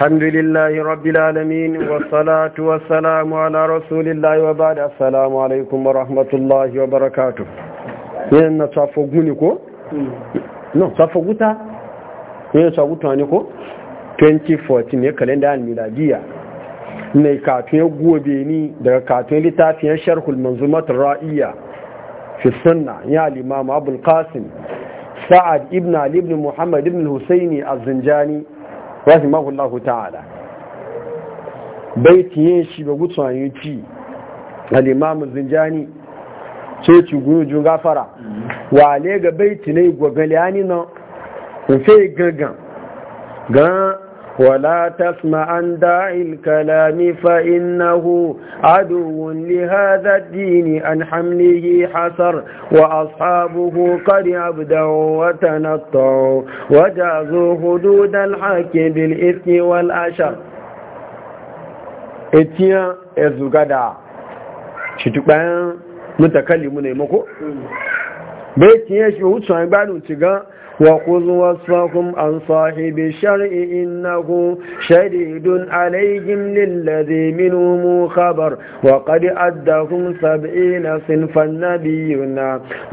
الحمد لله رب العالمين والصلاة والسلام على رسول الله وبعد السلام عليكم ورحمة الله وبركاته yana tsafogu ne ko? no tsafoguta yana ne ko? 2014 miladiya mai katon gobe ni daga katon littafiyar sharhul manzumatar ra'iyya fi sunna ya limama abul qasim sa'ad ibn ali ibn muhammad ibn husaini az-zinjani rahimahullahu ta'ala baiti yin shi ga gutsuwan yi ci alimamu zinjani ce ci gujun gafara wale ga baiti ya ni na. ofe gangan gan ولا تسمع عن داعي الكلام فإنه عدو لهذا الدين عن حمله حسر وأصحابه قد أبدعوا وتنطعوا وجازوا حدود الحق بالإثم والأشر etiyan ezugada shi tukbayan mutakallimu ne mako bai tiye shi wucin agbanu ci gan wa kuzu wasfakun an sahibi shari'i innahu shadidun alaihim lillazi minhumu khabar wa qad addahum sab'ina sinfan nabiyuna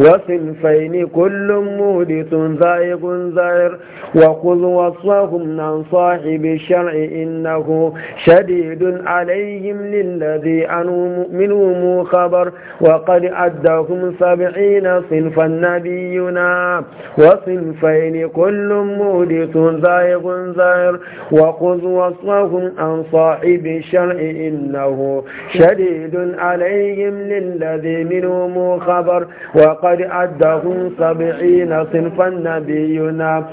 wa sinfain kullum muhdithun zaiqun zair wa kuzu wasfakun an sahibi shari'i innahu shadidun alaihim lillazi minhumu khabar wa qad addahum sab'ina sinfan نبينا وصنفين كل مودث زائغ زائر وخذ وصفهم عن صاحب الشرع إنه شديد عليهم للذي منهم خبر وقد أدهم سبعين صنفا نبينا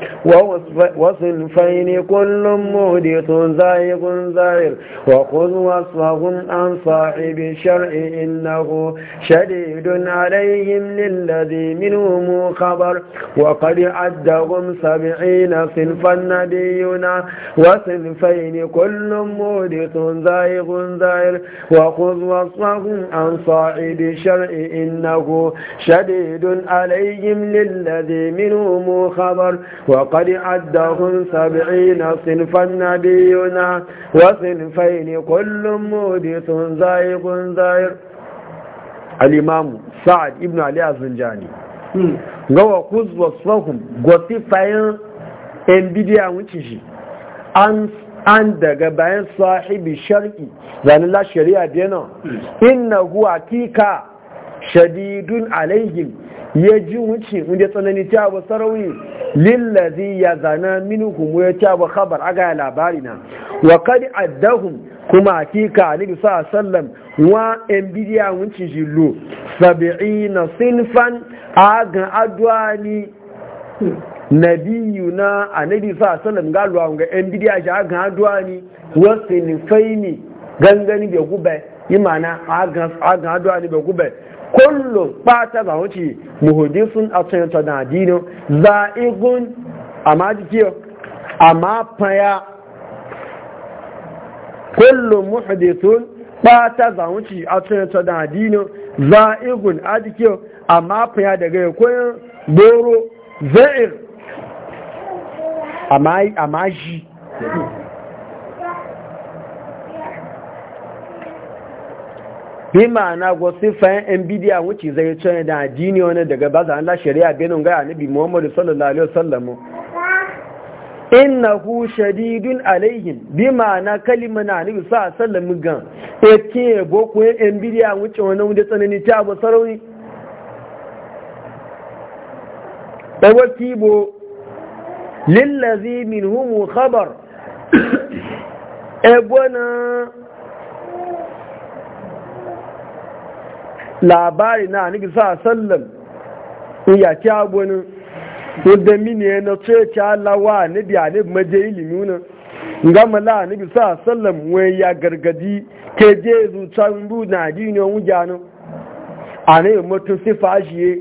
وصنفين كل مودث زائغ زائر وخذ وصفهم عن صاحب الشرع إنه شديد عليهم للذي منهم خبر وقد عدهم سبعين صنفا نبينا وصنفين كل مورث زائغ زائر وخذ وصفهم عن صاعد الشرع إنه شديد عليهم للذي منهم خبر وقد عدهم سبعين صنفا نبينا وصنفين كل مورث زائغ زائر الإمام سعد ابن علي الزنجاني gawa kuz wasfahum gwasi fayan yan bidiya wuce shi an daga bayan sahibi sharki zanen la shari'a biyana inna huwa kika shadidun alaihim ya ji wuce inda tsanani ta ba sarauni lillazi ya zana minukum ya ta ba khabar aga labari na wa addahun addahum kuma kika! ali sallam wa wọn ẹnbídíà wọn ti ṣe lò sàbẹ̀rí na sinfan agan adúwá ni nabiyu na anabi sa sallam ga luwa ga ẹnbídíà ṣe agan adúwá ni wọ́n sinfai ni gangani bai gube yi mana agan adúwá ni bai gubẹ̀ kullum pata ba wuce muhudisun a tsayin tsanadino za'igun a majikiyar a mafaya kullum muhudisun bata za wuce a tunata da adino za igun adike amma fiya daga ya koyan goro za'ir a mashi bi ma'ana go sifayen yan bidiya wuce zai tunata da adini wani daga ba za an la shari'a benin gaya nabi muhammadu sallallahu alaihi wasallamu innahu shadidun alaihim bi ma'ana kalima na nabi sa sallam gan yake boko yan bidiya wuce wannan wanda tsanani ta ba sarauni dawa kibo lillazi minhum khabar ebona labari na nabi sa sallam ya ci abunin wadda mini yana ce ki alawa ne bi ne maje ilimi wuna nga mala ne bi sa sallam we ya gargadi ke je zuta mbu na dini on jano ane mutu sifajiye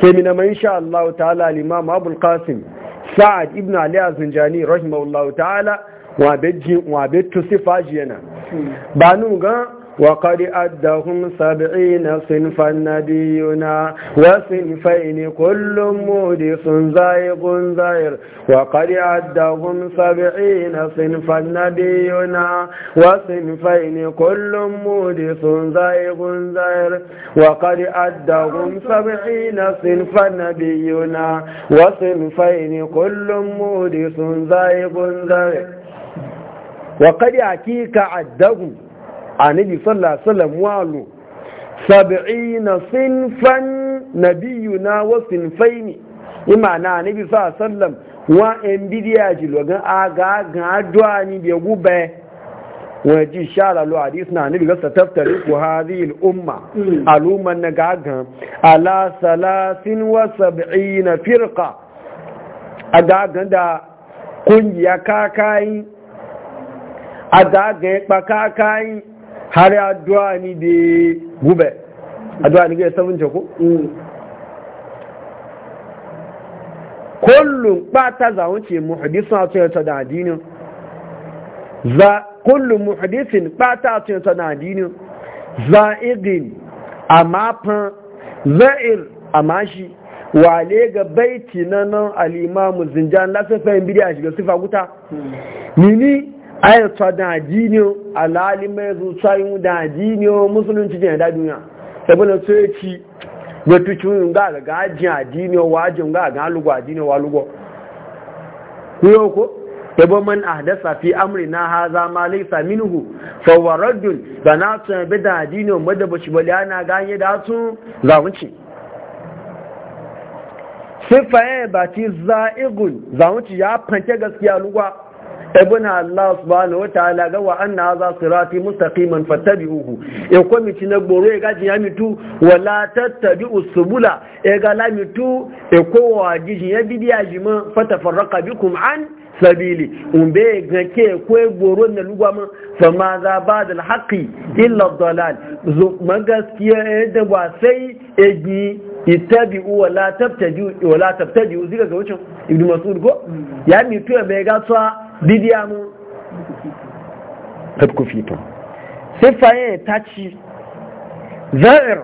ke mina ma insha Allah ta'ala al-imam Abu al-Qasim Sa'ad ibn Ali az-Zinjani rahimahullahu ta'ala wa beji wa betu sifajiyana ba nu ga وقد أدهم سبعين صنفا نبينا وصنفين كل مودس زائغ زائر وقد أدهم سبعين صنفا نبينا وصنفين كل مودس زائغ زائر وقد أدهم سبعين صنفا نبينا وصنفين كل مودس زائغ زائر وقد أكيك عدهم annabi sallallahu alaihi wasallam walu sab'ina sinfan nabiyuna wa sinfaini imana annabi sallallahu alaihi wasallam wa en bidiya ji logan aga ga du'a ni be gube wa ji shara lo hadis na annabi gasa taftari ku hadhihi al umma aluma hmm. na gaga ala salasin wa sab'ina firqa aga ganda kungiya kakai aga ga kakai har ya addu'a ni da gube addu'a ni gaya sabon ko mm. kullum bata za wuce muhadisun a cikin da addinin za kullum muhadisin bata a cikin da addinin za'idin a mafan za'ir a mashi wale ga baiti na nan alimamu zinjan lasafayin biri a shiga sifaguta guta nini mm. ayyata da ajiniyo alalimai zuwa da ajiniyo musulunci ne da duniya saboda su ya ci wato cikin ga ga gajin ajiniyo wajin ga ga lugu ajiniyo wa lugu kuyo ko yabo man ahdasa fi amri na haza ma laysa minhu fa waraddun sanatu bi da ajiniyo madda bashi bali ana ganye da su zamunci sifaye ba ci za'igun zamunci ya fanke gaskiya lugwa ibn Allah subhanahu wataala ga wa anna hadha sirati mustaqiman fattabi'uhu e ko mi tina gboro e ga jinya tu wala tattabi'u subula e ga la mitu e ko wa jinya bidiya jima fatafarraqa bikum an sabili umbe ga ke ko e gboro na lugwa ma fa ma za ba e da alhaqi illa dalal zo magaskiya da ba sai eji ittabi'u wala tattabi'u wala tattabi'u ziga ga wucin ibnu mas'ud ko mm. ya mitu e ga didiya mu tafku fito ta ci za'ir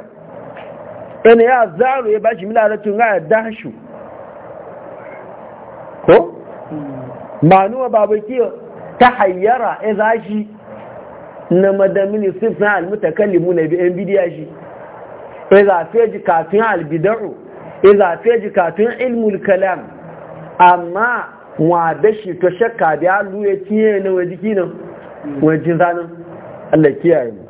ɗana ya za'aru ya ba shi milaratun ga yadda shu ko? manuwa babu kiyo ta hayyara ya e za shi na madamini sifin na biyan bidiya shi ya e zafe ji katun albidaru ya e zafe ji kafin ilmul kalam amma wa da shi to shakka da ya luye kiye na wa jiki nan wa jin zanen Allah kiyaye mu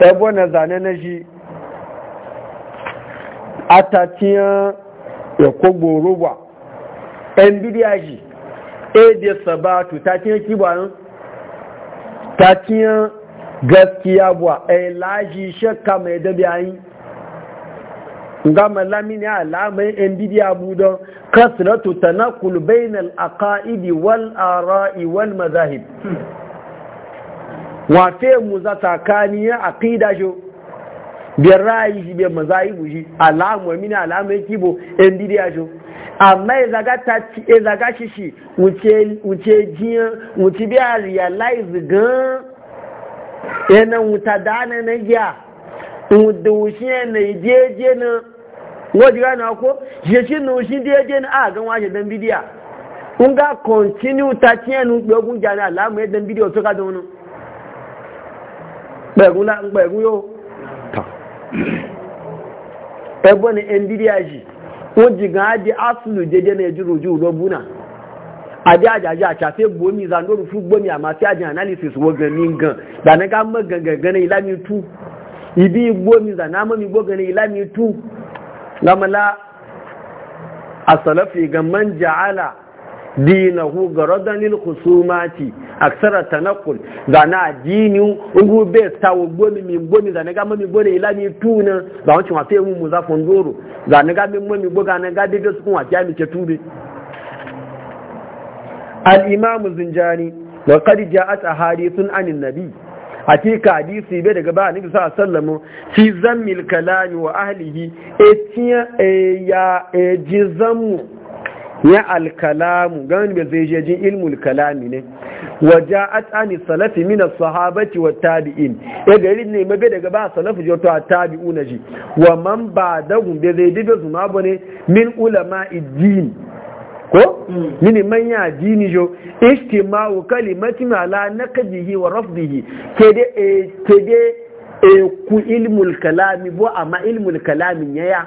ɗabo na zane na shi atatiya ya kogbo ruwa ɗan bidiya shi ɗaya e sabatu nan ta tatiyan gaskiya buwa ɗaya laji shakka mai dabi yi. gama lamini alamai yan bidiya budon kasratu tanakul bainal aqaidi wal ara'i wal mazahib wafe mu za kani ya aqida jo bi ra'ayi shi bi mazahibu shi alamai mini alamai kibo yan bidiya jo amma ya e zaga shi shi wuce jiyan wuce biya realize gan yana e wuta dana na giya wuce na ijeje na wọ́n jìrá náà kó ṣeṣí nù sí déédé ní àgán wáṣẹ̀ a bídíà ń gá kọ̀ntínú ta tí ẹnu pé ogun jà ní àlámù ẹ̀ dán bídíà tó kádùn ún pẹ̀gún lá ń pẹ̀gún yóò tà ẹgbọ́n ní ẹn jì wọ́n á di áṣùlù ẹjú adé àṣàfẹ́ fún àmàfẹ́ analysis wọ́n gan ní gan mọ́ gangan gan ní ìlànà ìbí zanamọ́ mi gan ní ìlànà Lamala a salafi ga man ja'ala dinahu ga radanil kusumati aksara tanakul ga na addinin ugu be tawo gbomi mi gbomi ga na gama mi gbomi ila tunan ga wancin wafe mu mu zafin doro ga na gama mi gbo ga na gade da su kun wafe mi ke tube al-imamu zinjani wa qad ja'at ahadithun anin nabi hakika hadisi bai daga ba annabi sallallahu alaihi wasallam fi zammil kalami wa ahlihi etiya e ya e jizamu ya alkalamu gani bai zai jejin ilmul kalami ne waje atani salafi mina sahabati wa tabi'in ya e gari ne mabe daga ba salafi a tabi'u na ji wa man ba dagun bai zai dibe zuma bane min ulama iddini ko mm. mini manya dini jo istima'u kalimatin ala naqdihi wa rafdihi kede e, kede e, ku ilmul kalami bo amma ilmul kalamin yaya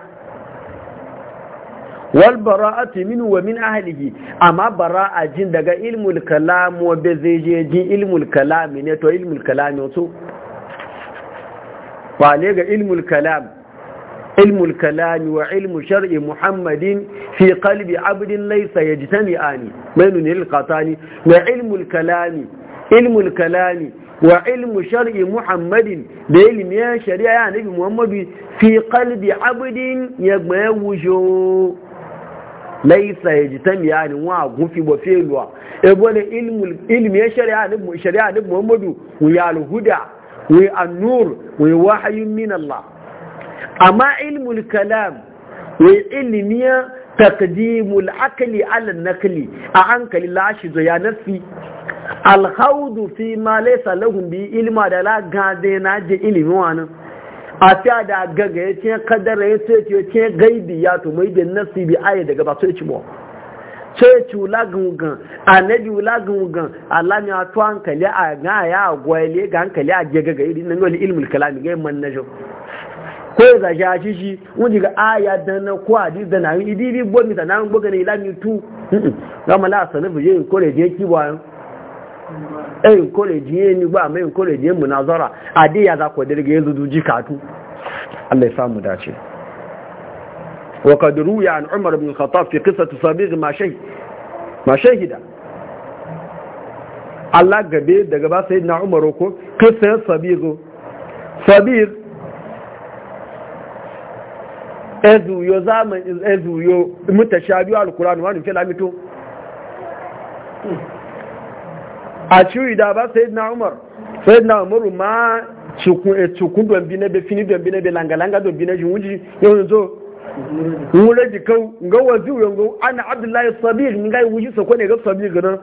wal bara'atu minhu wa min ahlihi amma bara'a jin daga ilmul kalam wa bezejeji ilmul kalami ne to ilmul kalami to wale ga ilmul kalam علم الكلام وعلم شرع محمد في قلب عبد ليس يجتمعان من القطاني وعلم الكلام علم الكلام وعلم شرع محمد بعلم يا شريعة نبي محمد في قلب عبد يجمعوجو laisa ya ji واقف ni wa gufi علم علم ebole ilmi ya shari'a ni muhammadu wuyi alhuda wuyi annur wuyi wahayin min Allah amma ilmul kalam wai ilmiya taqdimul akli ala nakli a hankali lashi zo ya nafi alhaudu fi ma laysa lahum bi ilma da la gade na je ilmi wani a fiya da gaga ya ce kadara ya ce ya ce gaibi ya to mai da nasi bi aya daga ba so ci mo so ci wula gungun annabi wula gungun Allah ne to hankali a ga ya gwaile ga hankali a je gaga irin nan wani ilmul kalami ga man najo ko ya zashi shi wani ga aya da na ko a na yi gbogbo na gboga na ilami tu ga mala sanin bije in kore je kiwa en e, kore je munazara adi ya za ko dirga yanzu duji katu samu dace وقد روي عن عمر بن الخطاب في صبيغ ما daga na Umar ko kisa ezuyo zaman ezuyo mutashabiyu alquran wani ke lamito a ciwi da ba sayyidina umar sayyidina umar ma cikin eh, dombi na befini dombi na belangalanga dombi na jinwuji yau zo wule jikau ga waziyu yanzu ana abdullahi sabir ni yi wuji sako ne ga sabir gana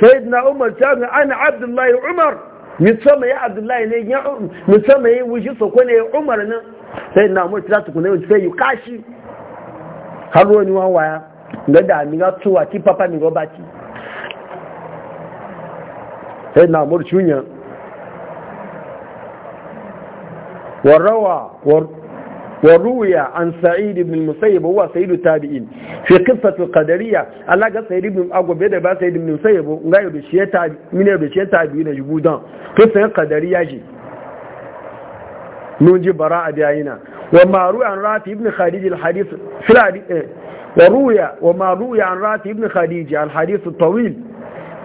sayyidina umar ta ana abdullahi umar musamman ya abdullahi ne ya, musamman ya wuji sako ne umar nan sai na mu tira tukune mu sai yukashi har ruwan wa waya ga mi ga tuwa ti papa mi roba ti sai na mu chunya warawa وروي عن سعيد بن المسيب هو سيد التابعين في قصة القدرية قال بن بيدا با بن المسيب غير بشيء تابعين قصة القدرية جي نونجي براء بيعينا وما روي عن رات ابن خديج الحديث في الحديث إيه، وروي وما روي عن رات ابن خديج الحديث الطويل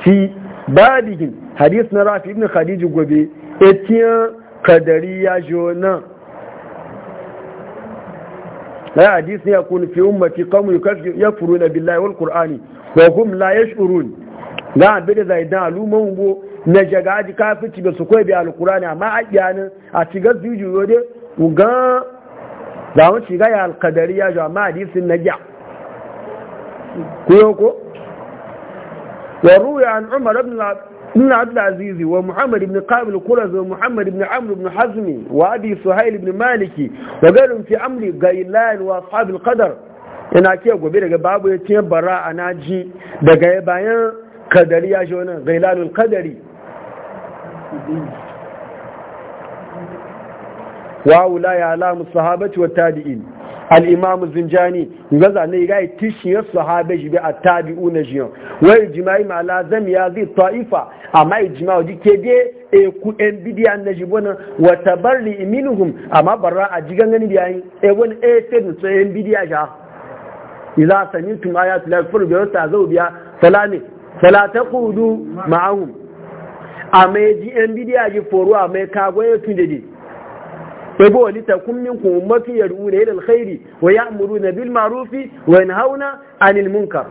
في بعده حديث راتي ابن خديج قبي اتيان قدريا جونا لا حديث يكون في أمة قوم يكفرون بالله والقرآن وهم لا يشعرون ga abin da zai dan aluman na jaga ji kafici ba su koyi bi alkurani amma a kiyanin a shiga zujuyo dai uga za mu shiga ya alkadariya jo amma hadisin na gya kuyo ko wa ruya an umar ibn ابن عبد العزيز ومحمد بن قابل القرز ومحمد بن عمرو بن حزم وأبي سهيل بن مالكي Amri, في أمر قيلان وأصحاب القدر ina ke gobe daga babu ya ce bara a naji daga bayan kadari ya shi wani gailanul kadari wula ya alamu sahabaci wa tabi'in al'imamu zinjani gaza ne ga tishiyar sahabe shi bi a tabi'u na shi yau wai jima'i ma lazam ya zai ta'ifa amma ijima'u ji ke dai e ku en bidiya na shi bana Wata tabarri iminuhum amma barra a ji gangan biyayi e wani e fedin so tsohon bidiya sha Iza sanin Tumaya lahi furbiya wa ta'zawu biya salami fala ta kudu ma'ahum a mai ji yan bidiya ji foro a mai kago ya tun dade ebe wani takun min kuma mafi ya da yin alkhairi wa ya amuru na bil marufi wa yin hauna anil munkar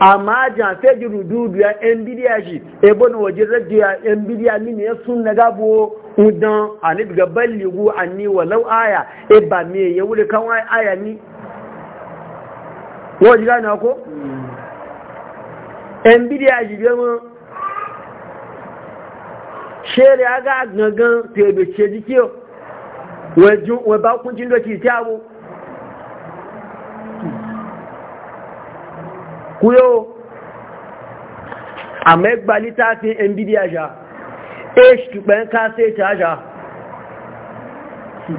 amma jafe ji rududu ya yan bidiya ji ebe na waje ya yan bidiya mini ya sun na gabo udan a ni daga balligu anni walau aya e ba me ya wuri kawai aya ni wajen gane ko mm. yan bidiya jibe mu shere ya ga gangan tebece jike wa bakuncin da ke tabo kuyo a megba littafin yan bidiya e sha h tupen kaseta aja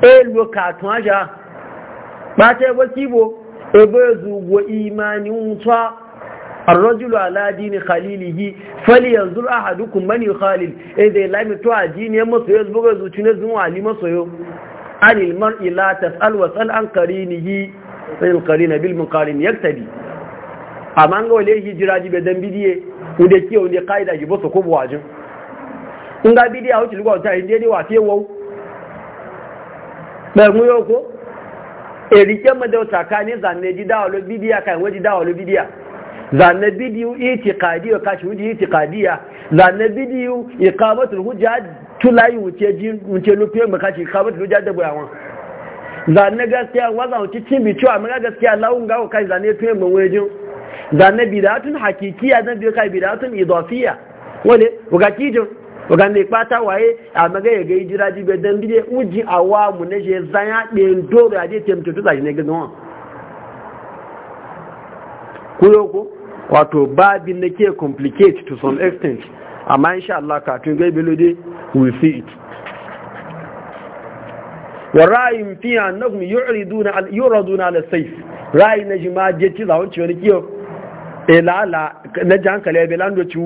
elu katun aja ba ta ebo kibo ebo ezu ugbo imani nwuta الرجل على دين خليله فلينظر احدكم من يخالل اذا لم dai lami to يزبغ ya زمو علي مسو zuci ne zuwa ali maso yo anil mar'i la tas'al wa sal an qarinihi sai al-qarin yaktabi amma ga wale hijira ji be dan bidiye inda kiyo inda kaida ji boso ko in ga mu erike da tsakanin zanne ji dawo lo bidiya kan dawo lo bidiya zanne bidiyu itiqadiyya kashi wuji itiqadiyya zanne bidiyu iqamatul hujja tulayi wuce jin wuce lupe mu kashi iqamatul hujja da bayawan zanne gaskiya waza wuce cin bi cewa mun gaskiya lawun gawo kai zanne tuye mu wejin zanne bidatun hakikiya zan biyo kai bidatun idafiyya wale wuga kijin wuga ne kpata waye a maga ya gai jira jibe dan bide uji awa mu ne je zanya ɗin doro a je temtutu zaji ne gina wọn kuyo ko wato babin na ke complicate to some extent amma insha Allah katun gai belode we see it wa ra'in fi annahum yu'riduna al yuraduna al sayf ra'in na jima je ci zawon ci wani kiyo ilala e na jankale belando ci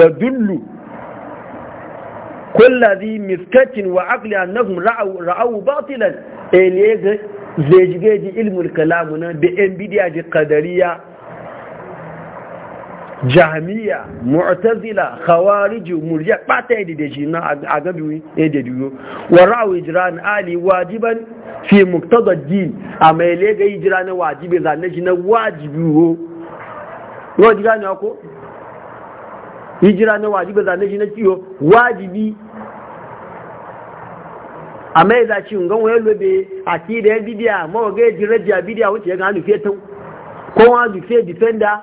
ya dullu kullazi miskatin wa aqli annahum ra'u ra'u batilan ilayga e zai jige ji ilmul kalamuna, na da bidiya ji qadariya jahamiya mu'tazila khawarij murji'a bata yadda e da shi na a gabi yadda biyo wa ra'u ijran ali wajiban fi muqtada din a mai lega ijran wajibi za ne na wajibi wo yo diga ne ko ijran wajibi za ne na ciyo wajibi a mai za shi ngan wayo lobe a ti da bidiya ga ijran bidiya wuce ga Ko tun kowa dufe defender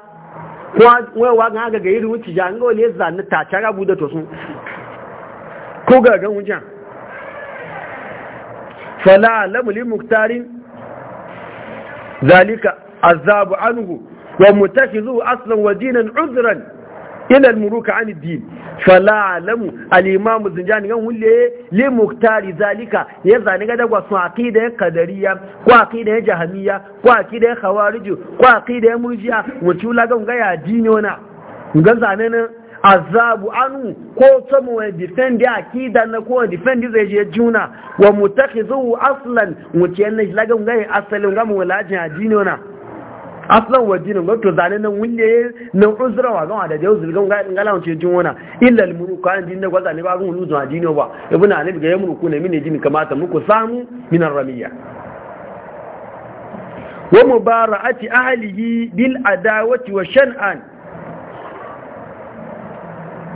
wewa ga ga gairi wuce ja ga wale zanni ta cara bude to sun ko ga ga wuce fala lamuli muktarin zalika azabu anhu wa mutakizu aslan wa dinan uzran Ina muruka an din fala alamu al-imam zinjani gan hulle li muktari zalika ya zani ga dagwa sun aqida ya kadariya ko aqida ya jahamiya ko aqida ya khawarij ko aqida ya murjiya wato la gan ga ya wana ga zane nan azabu anu ko to mu defend ya aqida na ko defend zai je juna wa mutakhizu aslan wato yan la gan ga asalin gama mu lajin wana aslan waje ne to zane nan wunye nan uzura wa zan da yau zirgan ga ngala jin wana illa al muruku an jin da gwaza ne ba gun luzu a jino ba ibn ali ga yamruku ne mine jini kamata muku samu min ramiya wa mubara'ati ahlihi bil adawati wa shan'an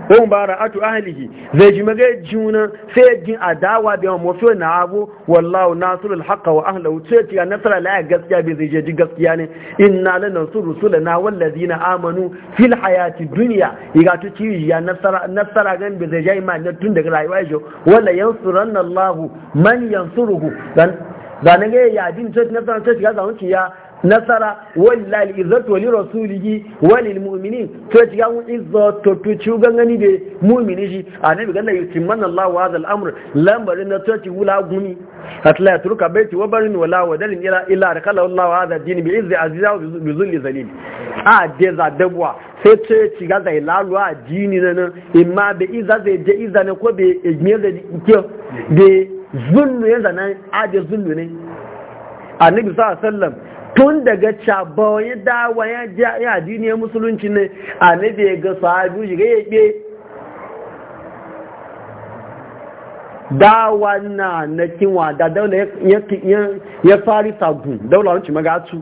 ba bara atu ahlihi zai ji magai juna sai jin adawa da mu fi na abu wallahu Nasiru haqqa wa ahlihi sai ci nasara la gaskiya bai zai ji gaskiya ne In na la nasru rusulana wal ladina amanu fil hayati duniya. iga to ci ya nasara nasara gan bai zai jai ma tun daga rayuwa jo wala yansuranna lahu man yansuruhu dan zanen ga yadin sai nasara sai ga zaunci ya nasara wallahi izzatu wa rasulihi wa mu'minin to ji yawun izzatu to to ci gangani be mu'mini ji annabi ganna yutimman Allah wa hadha al-amr lamarin na to ci wula gumi atla yatruka baiti wa barin wala wa dalin ila illa rakala Allah wa hadha din bi izzi aziza wa bi zulli zalil a de za dabwa sai ce ci ga zai lalu a dini nan imma be izza ze je izza ne ko be ejmiye zai ke be zullu yanzu nan a de zullu ne annabi sallallahu alaihi wasallam tun daga cabon dawa ya adini ya musulunci ne a ya ga sahabi shiga ya ɓe dawa na na kinwa da daula ya fari sabu daula wancin magatu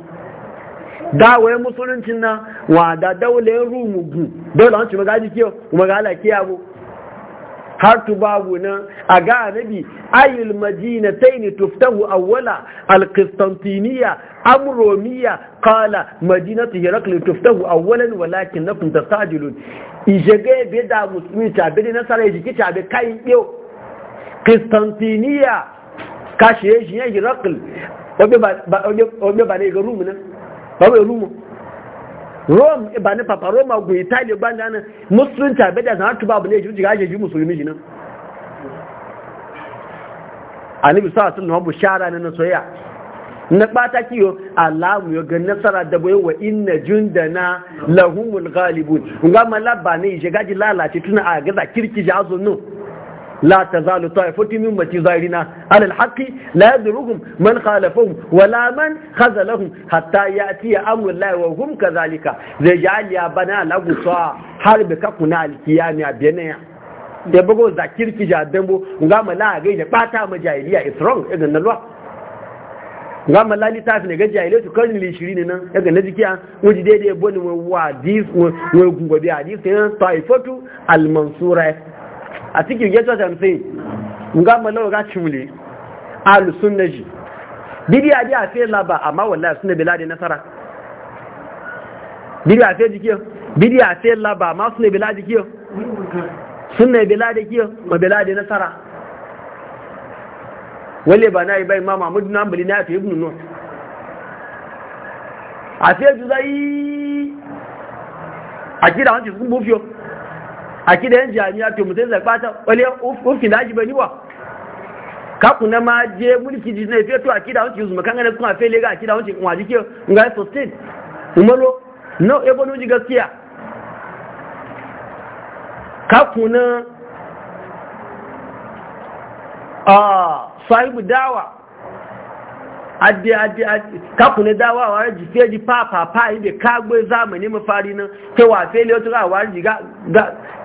dawa ya musulunci na wa da daula ya rumugu daula wancin magaji kiyo kuma ga alaƙiya bu har babu nan a ga anabi ayil madina taini tuftahu awwala alqistantiniya amromiya romiya qala madinatu hirakli tuftahu awwalan walakin nakum tastajilun ijege be da musulmi ta be na sare jiki ta be kai yo qistantiniya kashe shi hirakli obe ba obe ba ne ga rumu nan ba rumu rome ba ni papa roma go italy ba nan musulunci a bada zan hatu babu ne juji gaje ji musulmi shi nan annabi sa sun shara bushara na soyayya na bata kiyo alamu ya ga nasara da bai wa inna jundana lahumul ghalibun ngama labba ne je gaji lalace tuna a gaza kirki jazo no la tazalu ta'ifatu min ummati zahirina ala alhaqi la yadruhum man khalafahum wala man khazalahum hatta ya'ti amru llahi wa hum kadhalika zai بنا لغو bana حرب كفنا har bi ka Da alkiyami abena da bugo zakirki jadambo ngama la ga da bata ma jahiliya is wrong idan na lwa ngama la litafi ne ga jahiliya to kan li ne nan daga na jikiya wuji dai boni wa hadis wa gungobi hadis ta'ifatu almansura a cikin you get what I'm saying nga malawa ga cimule ahlus sunna ji bidiya a a sai laba amma wallahi sunna biladi nasara a sai jikiyo a sai laba amma sunna biladi kiyo sunna biladi kiyo ma biladi nasara wale ba na yi bai mama mudu na ambali na ya fi ibn nuh a sai juzai a kira wancin sun bufiyo akida yan jami'a to mutum zai bata wale ufkin da ajiba niwa kaku na ma je mulki ji na fiye to akida wancin yanzu makanga na kuma fele ga akida wancin kuma jike nga ya sustain umalo na ebo nuji gaskiya kaku na ah, sahibu dawa adi adi adi kakune dawa awari ji fe ji pa pa pa ibe ka zamani mu fari nan ke wa fe le to ga awari ji ga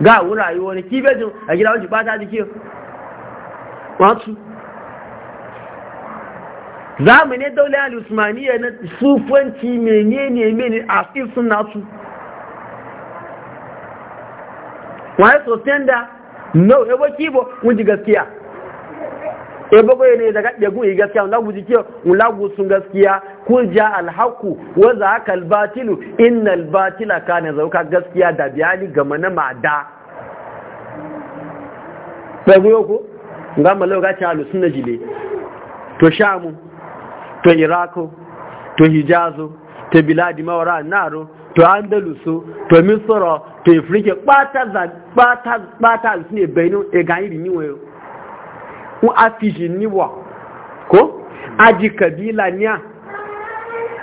ga wura yi woni kibe be jun a gida won ji ji ki wa zamani dole al usmaniya na su fanti menene menene a cikin sunna su wa so tenda no e kibo mun ji gaskiya e bago ne daga dagu yi gaskiya lagu guji kiyo lagu sun gaskiya kul ja al haqu wa na al batilu innal batila kana zauka gaskiya da biyani gama na mada dagu ko ga mala ga ta alu sunna jile to shamu to irako to hijazo to biladi mawara naro to andalusu to misra to ifrike bata bata bata ne bainu e ga yi ni wayo ko afiji niwa ko aji kabila niya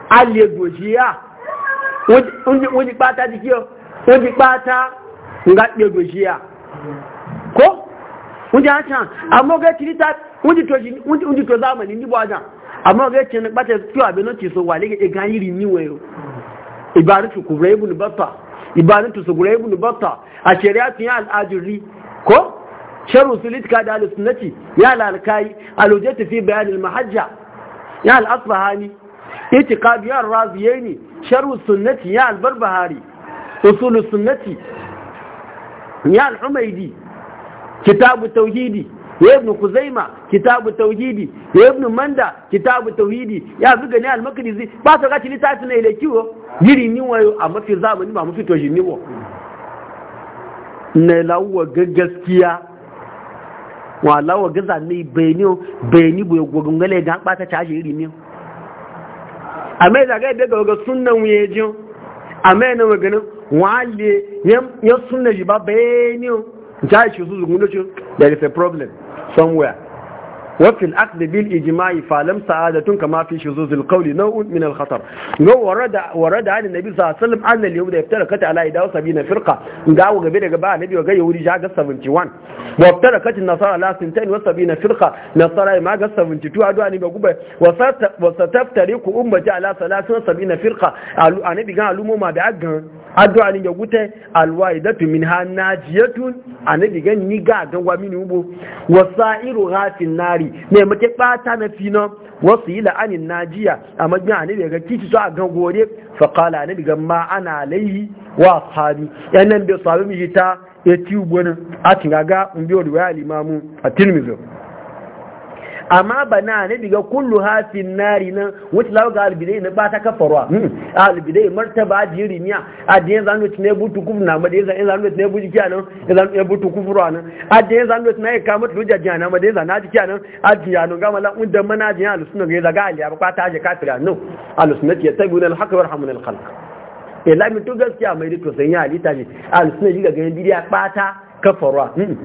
alẹ́ nga alẹ́ gòjìyà kó wọ́n ti àṣà àmọ́gẹ́ tìrítà wọ́n ti tó dáàmà ní níbọ̀ àjà àmọ́gẹ́ tí ẹni pátá tí àbẹ̀ náà ti sọ wà lẹ́gẹ̀ ẹ̀gá yìí níwẹ̀ o ìbáni tó kùrẹ́ ibùn bọ́tà ìbáni tó sọ̀kùrẹ́ ibùn bọ́tà àṣẹrẹ́ sharru sulitka da al-sunnati ya al-alkai al-hujjatu fi bayan al-mahajja ya al-asbahani itiqad ya ar-raziyaini sharru sunnati ya al-barbahari usul sunnati ya al-humaydi tauhidi ya ibn kuzaima kitabu tauhidi ya ibn manda kitabu tauhidi ya zuga ne al-makrizi ba ta gaci litafi na ile kiwo jiri ni wayo a mafi zamani ba mafi toshi ni wo na lawo gaskiya wala wa gaza ne bayani bayani boye gogon gale ga bata tashi iri ne amma da ga daga ga sunnan wuye ji amma na maganin wale ya sunna ji ba bayani ta shi su zungu da shi there is a problem somewhere وفي العقد بالإجماع فلم سعادة كما في شذوذ القول نوع من الخطر ورد ورد عن النبي صلى الله عليه وسلم أن اليهود ابتركت على 71 فرقة قالوا قبل قبل النبي وقال يهودي جاء 71 وابتركت النصارى على 72 فرقة نصارى ما قال 72 عدوا أن يقول وستفترق أمتي على 73 فرقة النبي قال لهم ما بعقل addu'a ne ga gute alwaidatu min ha najiyatun anabi gan ni ga gan wa mini ubo wasairu hafin nari na make bata na fina wasu yi la'anin najiya amma majin anabi ga kici so a gan gore fa qala anabi gan ma ana alaihi wa ashabi yan nan bai sahabi mi ta ya ci ubo a tinga ga umbi wa riwaya al-imamu amma bana ne diga kullu hafin nari nan wuce lawa ga albidai na ba bata kafarwa hmm. albidai martaba jiri miya a da yin zanuwa ne butu kufu na ma da yin zanuwa ne butu kiya nan ya zanuwa butu kufurwa nan a da yin zanuwa ne ya kama tulu jajiya na ma da yin zanuwa ji kiya nan a jiya nan gama la'un da mana jiya alusuna ga ya zaga aliya ba ta je kafira nan alusuna ke tabi na alhaka war hamun alhalka ila mutu gaskiya mai rito sanya ya halitta ne alusuna ji ga ganin bidiya bata kafarwa hmm.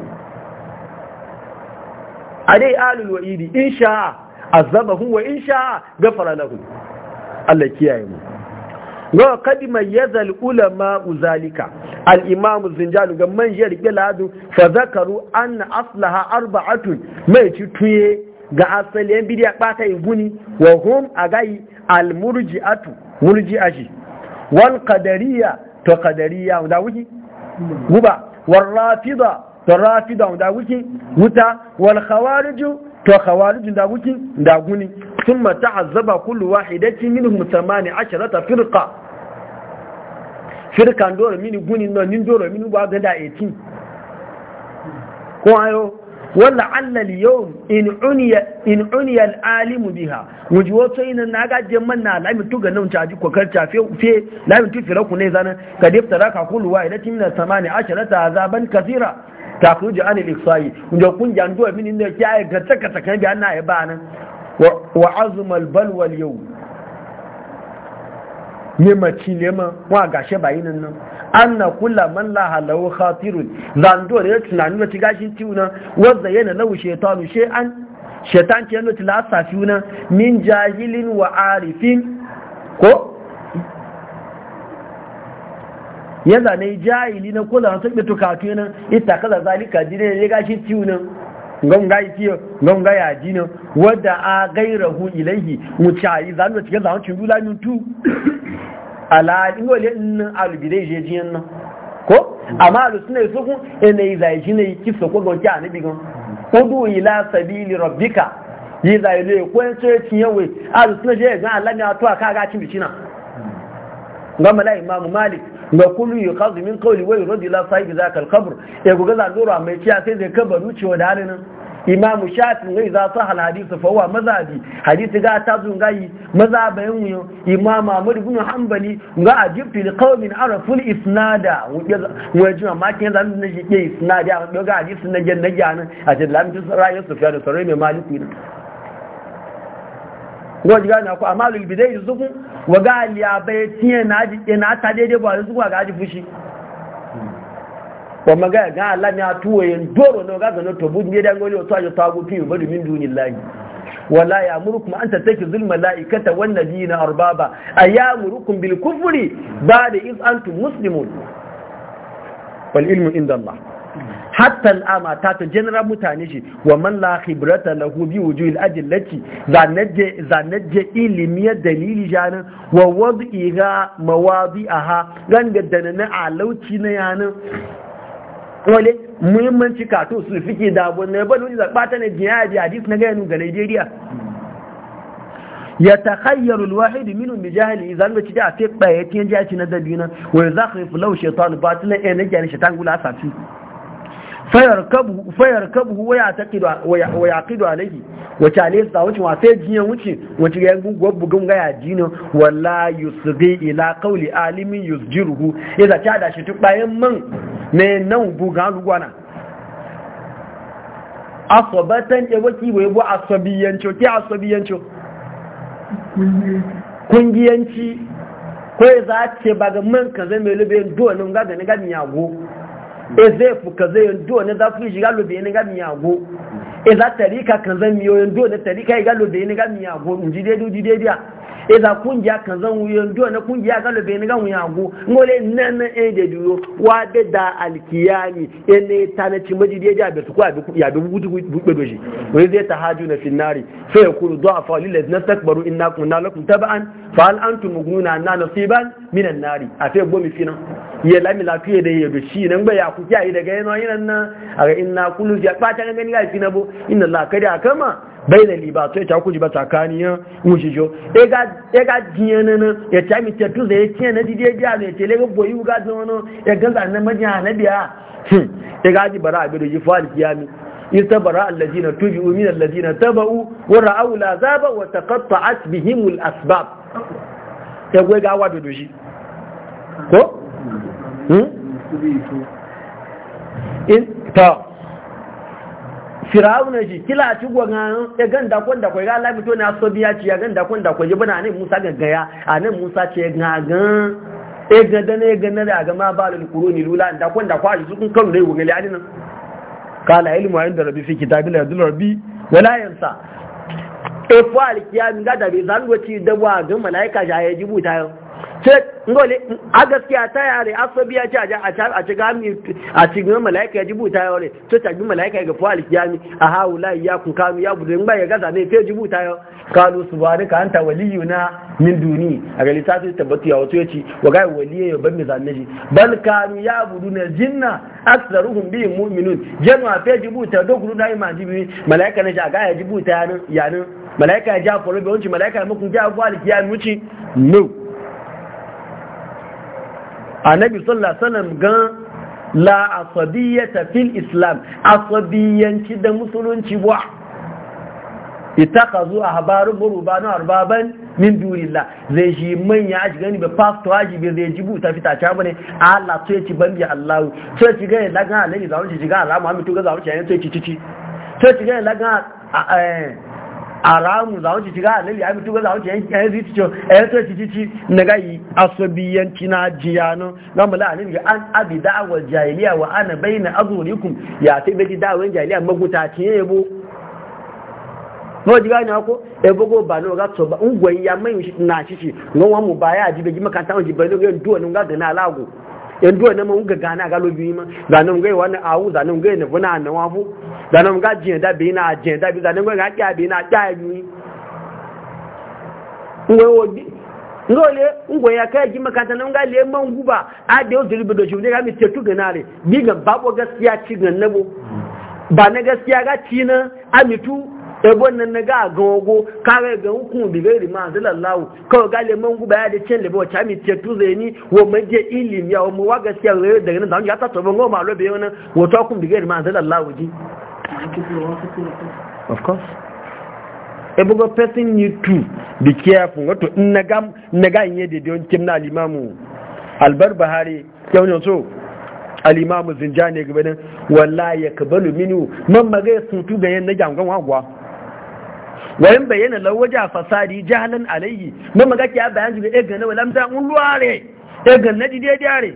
a dai alul wa'idi in sha azabahu wa in sha gafara lahu Allah kiyaye mu wa kadi yazal ulama uzalika imam zinjal ga man jiyar Biladu, fa zakaru an aslaha arba'atun mai ci ga asali yan bidiya bata yi wa hum agai almurji'atu murji'ashi wal qadariya to qadariya da wuki guba wal rafida to da wuki wuta wal khawariju to khawarijin da wuki da guni thumma azaba kullu wahidatin minhum 18 firqa firkan doro mini guni no nin doro mini ba ga da 18 ko ayo wala alla yawm in unya in unya al alim biha wuji wato ina na ga je man na lami tuga nan ta ji kokar ta fe fe lami tu firaku ne zana ka deftara ka kullu wahidatin min 18 azaban kathira ta kuji anil iksayi inda kungiya ndo min ne ki ay gata kata kan bi anna ya banan wa azma al balwa al yawm ne ci ne ma wa gashe bayi nan anna kullu man la halu khatirun zando tunanin tunani ne gashin tiuna wanda yana lahu shaytanu shay'an shaytan ke no tilasa fiuna min jahilin wa arifin ko ya zane jahili na kula na sun tukatu nan ita kaza zalika jini ne ga shi tiyu nan ngon ga yi ngon ga ya jini wadda a gairahu ilaihi mu cayi zanu cikin zanu cin dula min tu ala ingo le nan alubide je jin nan ko amma alusuna su kun ina e yi zai jini kifsa ko gonki anabi gan udu ila sabili rabbika yi zai ya ko en ce cin yawe alusuna je ga alami ne atwa ka ga cin bicina ngam mala imamu malik ga kullu yukhadhu min qawli wa yurad la sahibi zaka al-qabr ya e guga zalura mai ciya sai zai kabaru ce wa dalin imam shafi ne za su hal hadisi fa huwa mazhabi hadisi ga ta zun gayi mazhabayin yo imam ahmad ibn hanbali ga ajibtu li qaumin arafu al-isnada wa jima ma kin zan ne shi ke isnada ga hadisi na janna jana a jalla min sura su ya da sarai mai maliki goji gani ku amma lulbidai zuku wa ga ya tiye na ajiye na ta daidai ba da zuwa ga aji fushi wa maga ga Allah ya tuwo yin doro na ga zanen to budu ya dangole wasu ajo ta gufi ba domin dunin layi wala ya murukum an tattaki zulma la'ikata wannan dina arbaba a ya murukum bil kufuri ba da iz antu muslimun wal ilmu inda Allah hatta al'ama ta ta general mutane shi wa man la khibrata lahu bi wujuhil adillati zanaje zanaje ilimi ya dalili janin wa wad'iha mawadi'aha ganga danana alauci na yanin wale muhimmanci kato su fike da abu na yabon wani zaɓa ta na jihadi hadis na gayanu ga nigeria ya ta hayyaru alwahid minhu bi jahili idan ga ci da a fe ɓaye tiyan jaci na dabina wa ya zakhrifu lahu shaitan batilan ene jani shaitan gula safi fayar kabu waya ta kido alaihi wace ale sa wuce wa sai jiyan wuce wace ga yankin gwabbugun gaya jinin wala yusufi ila kauli alimin yusjiruhu ya zace a dashi tuk bayan man ne nan buga lugwana asobatan ya waki bai bu asobiyanci ke asobiyanci kungiyanci ko ya ce ba ga man ka zai mai lube dole na gani ya go. ezefu kaza yando ne za su yi shiga lobe ne ga miyago e za miyo yando tarika ya ga miyago in ji daidai ji eza kungiya kan zan wuyo ndo na kungiya ga lobe ni ga wuyo go ngole nan e de duro wa de da alkiyami ene ta na ci maji de ja be ku ya be bu be doji wai zai tahaju na finnari fa yakulu du'afa lil ladina takbaru inna kunna lakum tab'an fa hal antum mughuna anna nasiban minan nari a sai gomi finan ya lami de da ya shi nan ba ya ku kiyaye daga yana yana nan a inna kullu ya ta ngani ga bo, inna la kada kama bai da ya to ita kuji ba tsakaniya wujijo ya e ga e jiya na nan ya ta mi tattu zai tiya na dide biya zai tele ga boyi ga zono ya ga zanen majiya na biya ya hmm, e ga ji bara abin da ji fa'al kiyami istabara allazina tubi'u min allazina taba'u wa ra'aw la zaba wa taqatta'at bihim al asbab ya gwe ga wa dodo shi ko hmm in ta firawuna shi kila ci gwanga ya gan kun da kwai ga Allah mito na so biya ci ya gan kun da kwai bana ne Musa gaggaya anan Musa ce ga gagan e da ne na da ga ma lul quruni lula da kun da kwai su kun kan dai gogal ya dinan kala ilmu ayin da rabbi fi kitabil la yadul rabbi wala yansa e fa alkiyami ga da bai zango ci da wa ga malaika ja ya jibuta yau ngole a gaskiya ta yare asabi ya ce a ci gami a ci gami malaika ya jibuta ya wale to ta gami malaika ga fuwa alikiyami a hawu layi ya kun kanu ya budu in ba ya gaza ne fe jibuta ya kalu su ba ka hanta waliyu na min duni a ga lissafi tabbatu ya wato ya ci wa gai waliyu ya ban mizan naji Ban kanu ya budu na jinna aksaruhum bi mu'minun janwa fe jibuta do gudu na iman jibi malaika na ja ga ya jibuta ya nan malaika ya ja foro bi wanci malaika ya mukun ja fuwa alikiyami wuci no annabi sallallahu alaihi wasallam gan la asabiyyata fil islam asabiyyanci da musulunci wa itakazu ahbaru burubanu arbaban min dunillah zai shi manya a gani ba pasto haji bai zai jibu ta fita ta bane Allah sai ci bambi Allah sai ci ga lagan alai zawon ci ga Allah Muhammad to ga zaunci ci sai ci ci sai ci ga lagan eh aramu za wuce shiga alili abi tuga za wuce yan zi ticho yan to ci ci na gayi asabiyanci na jiyano na mala alim ga an abi da'wa jahiliya wa ana na azurikum ya ta ji da'wa jahiliya maguta ce yebo no jiga ni ako ebo go ba no ga to ba ngwe ya mai na shi shi ngwa mu ba ya ji be ji makanta ji be no ga duwa no ga da na yan duwa na mun ga gana ga lobi ma zanan ga wani awu zanan ga na buna na wafu zanan ga jiya da bi na jiya da bi zanan ga kya bi na kya bi ngwe wodi ngole ngwe ya kai ji makanta nan ga le man guba a da yau dilibi da shi ga mi tetu ganare bi ga babo gaskiya ci nabo ba na gaskiya ga ci na amitu ebon nan naga ga ogo kare ga hukun bi gairi ma dalallahu kawai gale man guba ya da cin lebe wacce mi ce tuze ni wo je ilim ya mu wa gaskiya ne daga nan zan ya ta tobe ngoma lo be wannan wato kun bi gairi ma dalallahu ji of course ebe go person need to be careful wato in naga naga yin da don kim na limamu Bahari yau ne so al-imamu zinjani gabanin wallahi ya kabalu minu man magai sutu ga yan na jangon wagwa wayan bayyana lawaja fasadi jahalan alayhi mun maga kiya bayan jiga egan eh, na walam ta un luare egan eh, na dai diare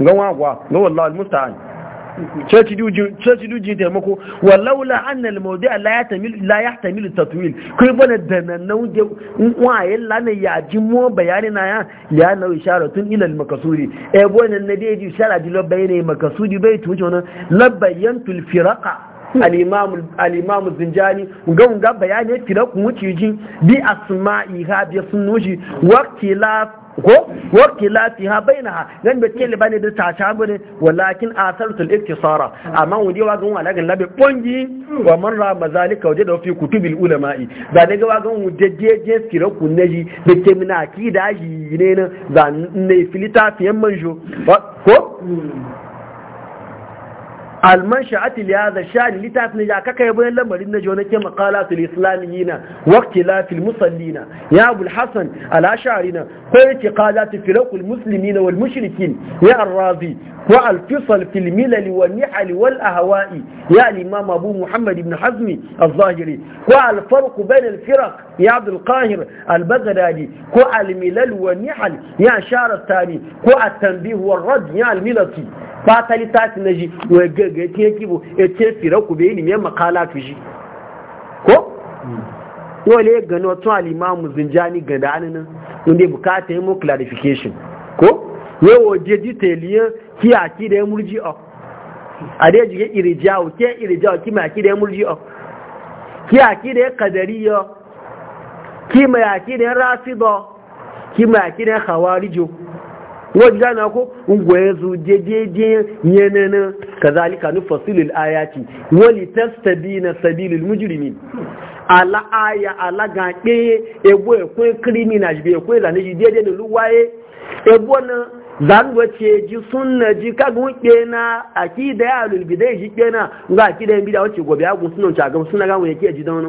ngan wagwa no wallahi almusta'an sai duji sai duji taimako walaula anna almawdi' la yahtamil la yahtamil tatwil kai bana danan nauje wayan lana ya jimo bayani na ya ya na isharatun ila almakasuri e eh, bonan na dai ji shara dilo bayane makasudi bai tuce wannan labayyantul firaqa alimamu zinjani ga ga bayani kira kun wuce ji bi asma'i ha iha biya wakila noshi wakila fi ha nan be kele bane da ta ta ne, walakin a asartul iktisara amma wani wa ga wala ga labe ƙungi wa man ra mazalika wuje da kutu bil ulama'i da daga ga wa ga wuje jeje kira da ke mina akida yi ne na zanen filita fiye manjo المنشأة لهذا الشأن اللي تعرف نجاك كيبين لما لنا جونك مقالات الإسلاميين وقتلا في المصلين يا أبو الحسن الأشعرين قلت قالات في لوق المسلمين والمشركين يا الراضي والفصل في الملل والنحل والأهواء يا الإمام أبو محمد بن حزم الظاهري والفرق بين الفرق يا عبد القاهر البغدادي والملل والنحل يا شار الثاني والتنبيه والرد يا الملتي فاتلتات نجي ga yake yake bu ya ce fira ku bai ilimin makala tu shi ko wale gano wato alimamu zinjani ga da aninan inda bukata yin mu clarification ko ne waje ji teliyan ki da ya murji a a dai jike irijawo ke irijawo kima ki da ya murji a Ki ki da ya kadariya kima ki da ya rasido kima ki da ya hawarijo wani gana ko ungwaye su jejeje zalika ni fasilil ayati wali na sabilil mujrimin ala aya ala gaɗe ebo ekwe criminal bi ekwe zane ji jeje ni luwaye ebo na zango ce ji sunna ji kagun na akida ya dai ji kena ga akida yin bida wacce gobe agun suna wuce a gaba suna gawo yake ji da wani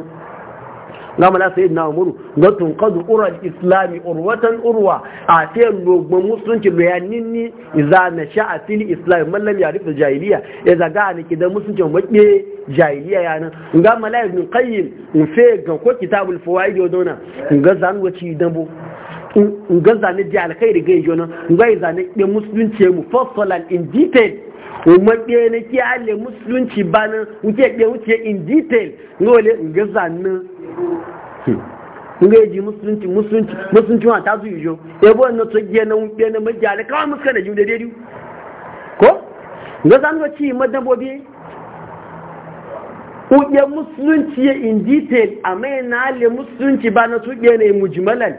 gama na sayi na umaru na tunkadu urar islami urwatan urwa a sayan dogon musulunci bayanin ni za na sha a fili islami mallam ya rufe jahiliya ya zaga a nake da musulunci wakke jahiliya ya nan ga malayi min kayyim in fe ga ko kitabul fawaid yo dona in ga zan wace dambo in ga zane ji alkhairi ga yo nan in ga zane musulunci mu fassalan in detail kuma ɗaya na ke alle musulunci ba nan wuce ɗaya wuce in detail ngole nga zannin nga yaji musulunci musulunci musulunci wa ta zuyu jo ya bo na to giya na wuce na majiya da kawai muska da jiwu da dai ko ga zan ga ci madabobi uɗe musulunci ya in detail amma yana alle musulunci ba na tuɗe ne mujmalan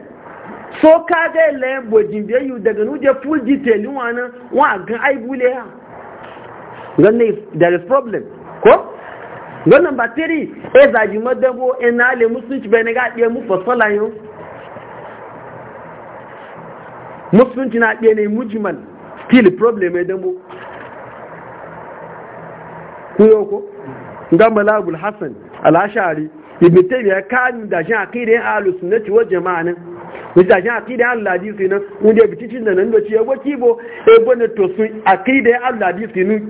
so ka ga layan bojin biyayyu daga nuje full detail wani wa gan ai bule ha wannan there is problem ko wannan ba tiri e zaji madabo e na le musulunci bai na ga ɗiye mu fasala yau musulunci na ɗiye ne mujiman still problem ya e dambo kuyo ko gama malabul hassan alashari, ibi ibn taymiya kan da shi aqidan ahlus sunnati wal jama'a nan mutane akida Allah di sinu mun da bitici da nan doci ya wa bo e bane to sun akida Allah di sinu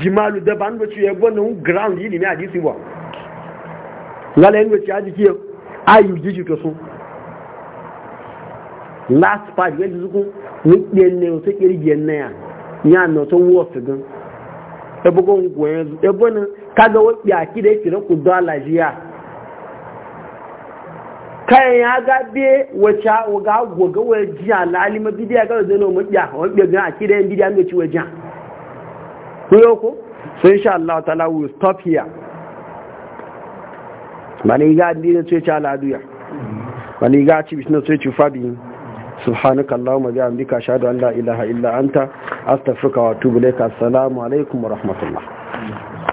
ji malu da ban da ciye bane ground yi limi ne hadisi ba ngala yin ya jiki ya ayu jiji to sun last part yadda zuku nidiyan ne wasu ƙirgiyar na ya ya na wata wasu gan ebe gwan gwan yanzu ebe nan kaga wabi akida ya fira ku kayan ya gabe wacce ga goga wajiya lalima bidiya ga zai no mabiya wanda a kira yin bidiya mai ci wajiya ko yoko so insha Allah ta'ala will stop here mani ga dina ce cha aladuya mani ga ci bisna ce ci fabi subhanaka allahumma bi amdika ashhadu an la ilaha illa anta astaghfiruka wa atubu ilaik assalamu alaikum wa rahmatullah